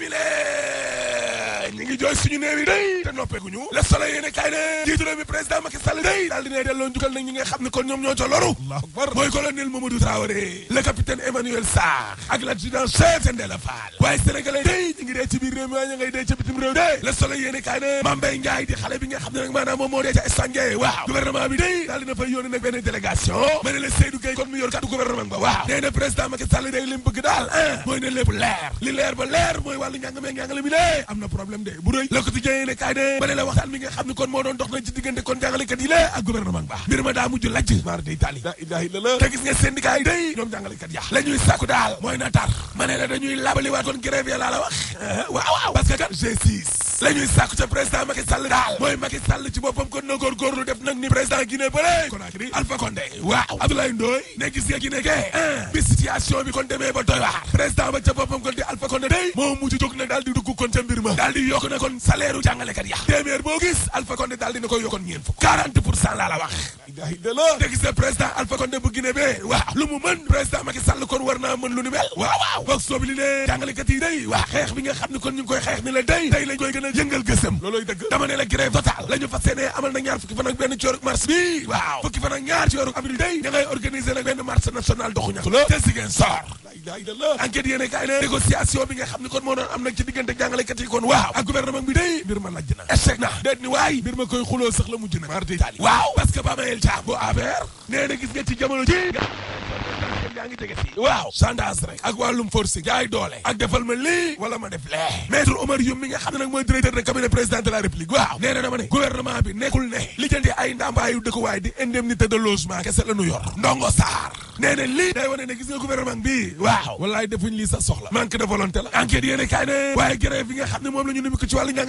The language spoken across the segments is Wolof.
bile ngi jooy suñu néew yi day te noppeeguñu le soleil yéene kaay ne njiitu réew mi président Macky Sall day daal dina delloo njukkal nag ñi nga xam ne kon ñoom ñoo ca loru Allahu akbar mooy colonel Mamadou Traoré le capitaine Emmanuel Sarr ak l'adjudant chef Sendela Fall waaye sénégalais day ñi ngi dee ci biir réew mi waaye ña ngay dee ci bitim réew day le soleil yéene kaay ne Mame Mbaye Ndiaye di xale bi nga xam ne nag maanaam moom moo dee ca Espange waaw gouvernement bi day daal dina fay yónni nag benn délégation ma ne la Seydou Gueye kon mu yor kàddu gouvernement ba waaw nee na président Macky Sall day li mu bëgg daal ah mooy ne lépp leer li leer ba leer mooy wàllu njàng meeg njàngale mi ne am na problème de bu doy le quotidien ne kaay ne ma ne la waxtaan bi xam ne kon moo doon dox na ci diggante kon jàngalekat yi la a gouvernement bi baax ma daa mujj lajj maar day taali la ilaha illa la te gis nga syndicat yi day ñoom jàngalekat ya la ñuy sàkku daal mooy na tar ma ne la dañuy labali waatoon grève ya laa la wax waaw waaw parce que kat G6 la ñuy ca président Macky Sall daal mooy Macky Sall ci boppam kon na góorgóorlu def nag ni président Guinée bële Conakry Alpha Condé waaw Abdoulaye Ndoye ne gis nga Guinée kee bi situation bi kon demee ba doy waar président ba ca boppam kon di Alpha Condé moo mujj jóg nag daal di dugg kon ca mbir ma di yokk na kon salaire u jàngalekat ya téeméer boo gis Alpha Condé daal dina koy yokkoon ñeen fukk 40 pour cent laa la wax da gis nga président kon war naa mën lu waaw waaw boog soobi li ne jàngalekat yi day waa xeex bi nga xam ne kon ñu ngi koy xeex ni la day day lañ koy gën a yëngal gësëm looloy dama ne la grève totale la ñu fas yéene amal na ñaar fukki fan ak benn ci weeru mars day da ngay organiser nag benn marche doxu ñaxtu la te la ilaha enquête yéene kaay ne waaw ak gouvernement bi day mbir ma lajj na échec gis nga ci ji gaa ngi jege fii waaw chantage rek ak wàllum forcing jaay doole ak defal ma lii wala ma def lee maître Omar Youm mi nga xam ne nag mooy directeur de cabinet président de la république waaw nee na dama ne gouvernement bi nekkul ne li jënte ay ndàmpaayu dëkkuwaay di indemnité de logement kese la ñu yor ndongo saar nee na day wane ne gis nga gouvernement bi waaw wallaay defuñ lii sax soxla manque de volonté la enquête yéene kaay ne waaye grève xam ne moom la ñu nimiko ci wàllu njàng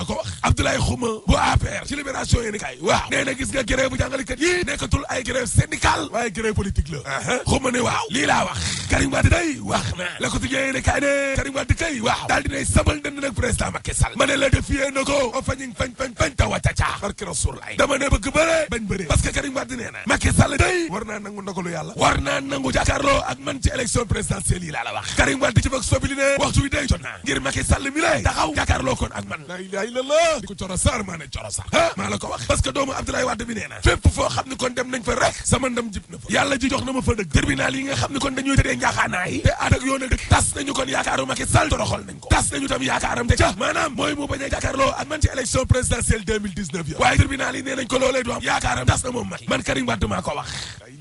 la ko wax Abdoulaye Xuma bu APR ci libération yéen kaay waaw nee na gis nga grève bu jàngalekat yi nekkatul ay grève syndicale waaye grève politique la xuma uh-huh. ne waaw lii laa wax Karim Wade day wax na la ko tijjee ne kaay ne Karim ne ko o fañing fañ fañ ta wàcca caax barki rasul lay dama ne bëgg bëre bañ bëre parce que Karim Wade nee na day war naa nangu ndogalu yàlla war naa nangu jàkkaarloo ak man ci élection présidentielle yi la wax Karim Wade ci bëgg sobili ne waxtu wi day jot naa ngir Macky Sall mi lay taxaw jàkkaarloo kon ak man la ilaha illallah di ko coro sar maa ne coro sar ah maa la wax parce doomu Abdoulaye njaxaanaay a yaakaaram man ci élection présidentielle 2019 ya waaye tribunal yi nee nañ ko loolee du am yaakaaram tas na moom Macky man Karim Wade maa ko wax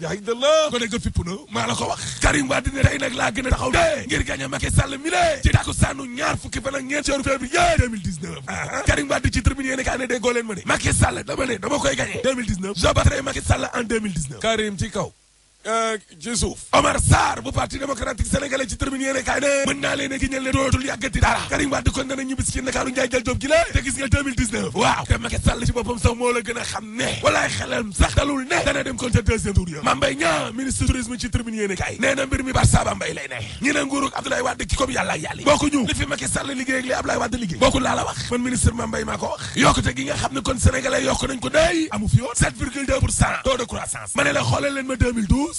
yaay da la ko ne nga fipp na maa la ko wax ne tey nag laa gën a taxaw de ngir gagné Macky Sall mi lée ci takku sànnu ñaar fukki fan ak ñeent ci weeru février 2019 uh-huh. Karim Wade ci tribunal yéene ka dama ne dama koy gagné 2019 je battrai Macky Diouf Omar Sarr bu parti démocratique sénégalais ci termine yéene kaay ne mën naa leen a giñal ne dootul yàggati dara Karim Wade kon dana ñibbisi ci Ndakaaru njaay jël job gi la te gis nga 2019 waaw te Macky Sall ci boppam sax moo la gën a xam ne sax dalul ne dana dem kon ca deuxième tour ya Mame Mbaye ministre tourisme ci termine yéene kaay nee mbir mi Barça ba lay ne ñi ne nguurug Abdoulaye Wade ki comme yàlla yàlli boo ñu li fi Macky Sall liggéey ak li Abdoulaye Wade liggéey bokkul laa la wax man ministre Mame Mbaye wax yokkute gi nga xam kon sénégalais yokk nañ ko day amu fi 7,2 pour taux de croissance ma la xoolal leen ma 2012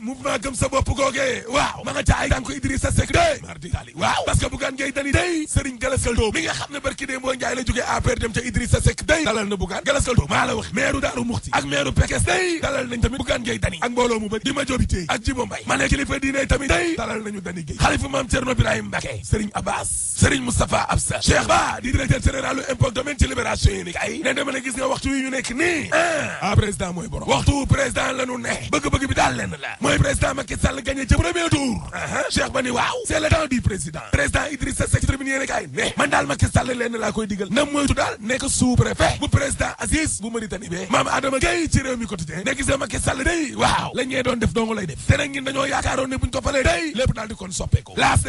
mouvement gëm sa bopp googee waaw ma nga ca ay tànku Idrissa Seck de mardi tali waaw parce que Bougane Gueye Dany day mi nga xam ne barki dee moo Njaay la jógee APR dem ca Idrissa Seck day dalal na Bougane Galaskal Dóob maa la wax maire Daaru Muxti ak maire Pekes day dalal nañ tamit Bougane Gueye Dany ak mbooloo mu bëri di ma jobi téy ak Jibo Mbay ma di directeur général u impôt domaine kay ne dama ne gis nga waxtu yi ñu nii ah, ah mooy uh-huh. maam Adama Gueye ci réew mi quotidien ne gis Macky Sall yaakaaroon ne bu ko falee day lépp daal di kon soppeeku laas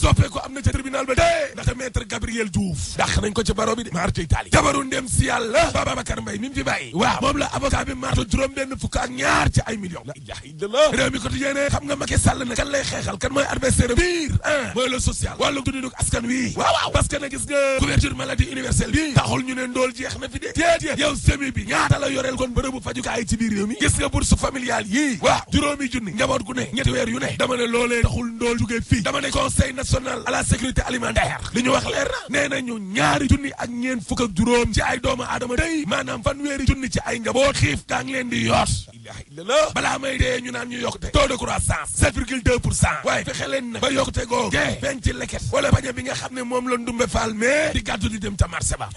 soppeeku am na ca tribunal ba dee ndax maître Gabriel Diouf dàq nañ ko ci baro bi de marte Italie jabaru ndem si yàlla Babacar Mbaye mi mu ci bàyyi waaw moom la avocat bi marto juróom benn fukk ñaar ci ay millions la réew mi quotidien ne xam nga Macky Sall ne kan lay xeexal kan mooy adversaire pire un ah mooy le social wàllu dundinu askan wi waaw waaw parce na gis nga couverture maladie universelle bi taxul ñu ne ndool jeex na fi de déedéet yow semi bi ñaata la yoreel kon bërëbu fajukaay ci biir réew mi gis nga bourse familiale yii waaw juróomi junni njaboot gu ne ñetti weer yu ne dama ne loolee taxul ndool jugee fii dama ne conseil national à la sécurité alimentaire li ñu wax yokkute taux de croissance 7,2 pour cent waaye fexe leen nag ba yokkute googu dee feeñ ci leket wala bañ bi nga xam ne moom la ndumbe faal mais di gàddu di dem ca marché ba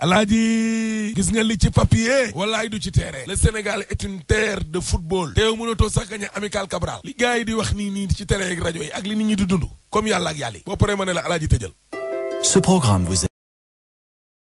alaaji gis nga li ci papier walaay du ci terrain le Sénégal est une terre de football teew mënatoo sax gañe amical Cabral li yi di wax nii nii ci terrain ak rajo yi ak li nit ñi di dund comme yàlla ak yàlla yi boo paree ma ne la alaaji tëjal ce programme vous